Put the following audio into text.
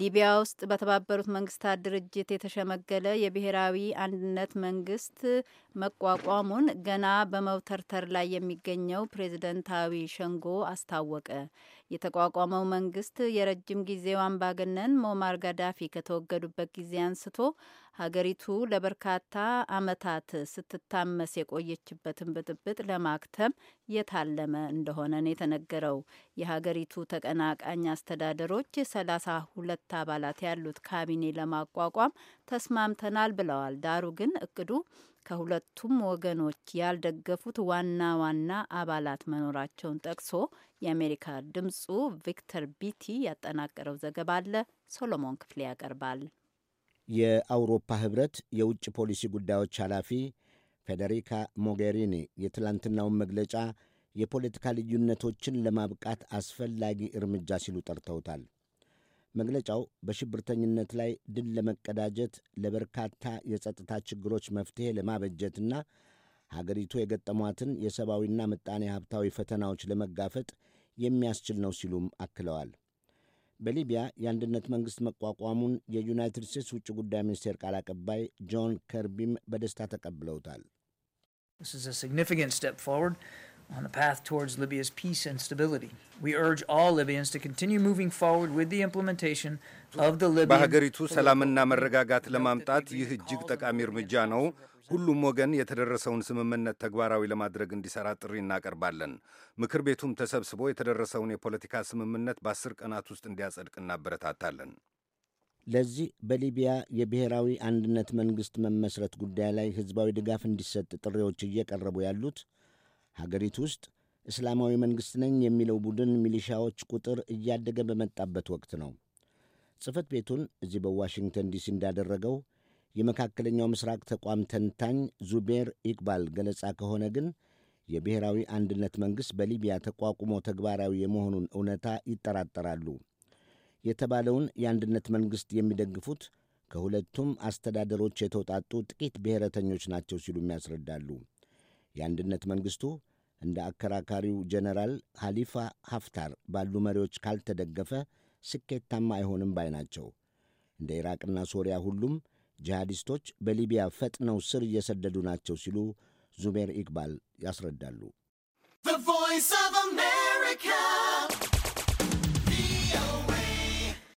ሊቢያ ውስጥ በተባበሩት መንግስታት ድርጅት የተሸመገለ የብሔራዊ አንድነት መንግስት መቋቋሙን ገና በመውተርተር ላይ የሚገኘው ፕሬዝደንታዊ ሸንጎ አስታወቀ። የተቋቋመው መንግስት የረጅም ጊዜው አምባገነን ሞማር ጋዳፊ ከተወገዱበት ጊዜ አንስቶ ሀገሪቱ ለበርካታ አመታት ስትታመስ የቆየችበትን ብጥብጥ ለማክተም የታለመ እንደሆነ ነው የተነገረው። የሀገሪቱ ተቀናቃኝ አስተዳደሮች ሰላሳ ሁለት አባላት ያሉት ካቢኔ ለማቋቋም ተስማምተናል ብለዋል። ዳሩ ግን እቅዱ ከሁለቱም ወገኖች ያልደገፉት ዋና ዋና አባላት መኖራቸውን ጠቅሶ የአሜሪካ ድምጹ ቪክተር ቢቲ ያጠናቀረው ዘገባ አለ። ሶሎሞን ክፍሌ ያቀርባል። የአውሮፓ ህብረት የውጭ ፖሊሲ ጉዳዮች ኃላፊ ፌዴሪካ ሞጌሪኒ የትላንትናውን መግለጫ የፖለቲካ ልዩነቶችን ለማብቃት አስፈላጊ እርምጃ ሲሉ ጠርተውታል። መግለጫው በሽብርተኝነት ላይ ድል ለመቀዳጀት ለበርካታ የጸጥታ ችግሮች መፍትሔ ለማበጀትና ሀገሪቱ የገጠሟትን የሰብአዊና ምጣኔ ሀብታዊ ፈተናዎች ለመጋፈጥ የሚያስችል ነው ሲሉም አክለዋል። በሊቢያ የአንድነት መንግሥት መቋቋሙን የዩናይትድ ስቴትስ ውጭ ጉዳይ ሚኒስቴር ቃል አቀባይ ጆን ከርቢም በደስታ ተቀብለውታል። on the path towards Libya's peace and stability. We urge all Libyans to continue moving forward with the implementation of the Libyan በሀገሪቱ ሰላምና መረጋጋት ለማምጣት ይህ እጅግ ጠቃሚ እርምጃ ነው። ሁሉም ወገን የተደረሰውን ስምምነት ተግባራዊ ለማድረግ እንዲሰራ ጥሪ እናቀርባለን። ምክር ቤቱም ተሰብስቦ የተደረሰውን የፖለቲካ ስምምነት በአስር ቀናት ውስጥ እንዲያጸድቅ እናበረታታለን። ለዚህ በሊቢያ የብሔራዊ አንድነት መንግሥት መመስረት ጉዳይ ላይ ሕዝባዊ ድጋፍ እንዲሰጥ ጥሪዎች እየቀረቡ ያሉት ሀገሪቱ ውስጥ እስላማዊ መንግሥት ነኝ የሚለው ቡድን ሚሊሻዎች ቁጥር እያደገ በመጣበት ወቅት ነው። ጽሕፈት ቤቱን እዚህ በዋሽንግተን ዲሲ እንዳደረገው የመካከለኛው ምስራቅ ተቋም ተንታኝ ዙቤር ኢቅባል ገለጻ ከሆነ ግን የብሔራዊ አንድነት መንግሥት በሊቢያ ተቋቁሞ ተግባራዊ የመሆኑን እውነታ ይጠራጠራሉ። የተባለውን የአንድነት መንግሥት የሚደግፉት ከሁለቱም አስተዳደሮች የተውጣጡ ጥቂት ብሔረተኞች ናቸው ሲሉም ያስረዳሉ። የአንድነት መንግሥቱ እንደ አከራካሪው ጀነራል ሐሊፋ ሀፍታር ባሉ መሪዎች ካልተደገፈ ስኬታማ አይሆንም ባይ ናቸው። እንደ ኢራቅና ሶሪያ ሁሉም ጂሃዲስቶች በሊቢያ ፈጥነው ስር እየሰደዱ ናቸው ሲሉ ዙሜር ኢቅባል ያስረዳሉ። ቮይስ ኦፍ አሜሪካ